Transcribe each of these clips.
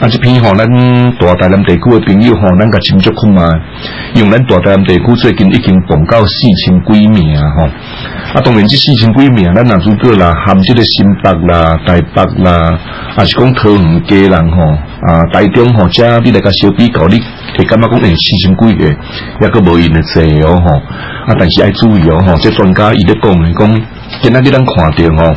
啊！即片吼，咱大台南地區嘅朋友、哦，吼，咱甲斟足控啊！用咱大台南地區最近已經報到四千幾名、哦、啊！吼，啊當然，即四千幾名，咱南主都啦，含即個新北啦、台北啦，啊是講台毋家人，吼、哦、啊台中、哦，吼即啲大家小比舊啲，你會感覺講誒四千幾個，一個無餘誒事哦，吼、哦！啊，但是要注意哦，吼，即專家伊咧講嘅講，今仔日咱看着吼、哦。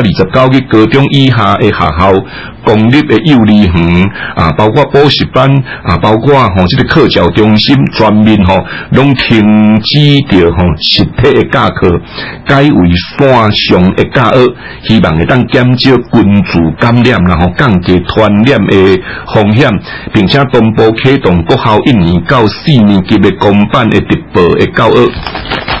二十九日，高中以下嘅學校、公立嘅幼兒園啊，包括補習班啊，包括吼、哦，即、這個課教中心全面吼、哦，攏停止着吼、哦、實體嘅教課，改為線上嘅教學。希望會當減少關注感染、啊，然、哦、後降低傳染嘅風險，並且同步啟動各校一年到四年級嘅公辦嘅直播嘅教課。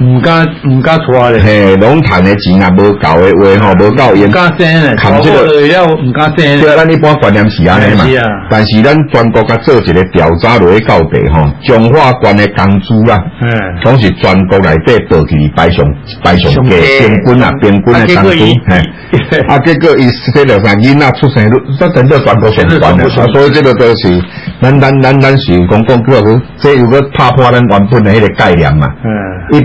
唔加唔加錯咧，嘿，攏趁誒錢啊，無夠誒話吼，無夠，毋敢生，冇這個，毋敢生。對、這、咱、個、一般觀念是安尼嘛。是,是啊。但是咱全國佮做一個調查來到底吼，強化關嘅工資啊，嗯，攏是全國內底保持排上排上嘅，平均、欸、啊，平均上高。嘿、啊，啊,啊,啊,啊,啊,啊,啊, 啊，結果伊、 啊、 這條衫伊那出生率，真叫全國上高。所以這個都、就是，咱咱咱咱是講講破咱原本迄個概念嘛，嗯。